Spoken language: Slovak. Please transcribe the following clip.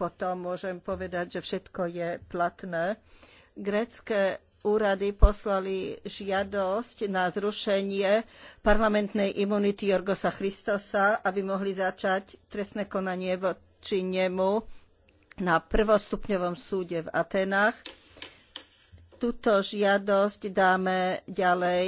potom môžem povedať, že všetko je platné. Grécké úrady poslali žiadosť na zrušenie parlamentnej imunity Jorgosa Christosa, aby mohli začať trestné konanie voči nemu na prvostupňovom súde v Atenách. Tuto žiadosť dáme ďalej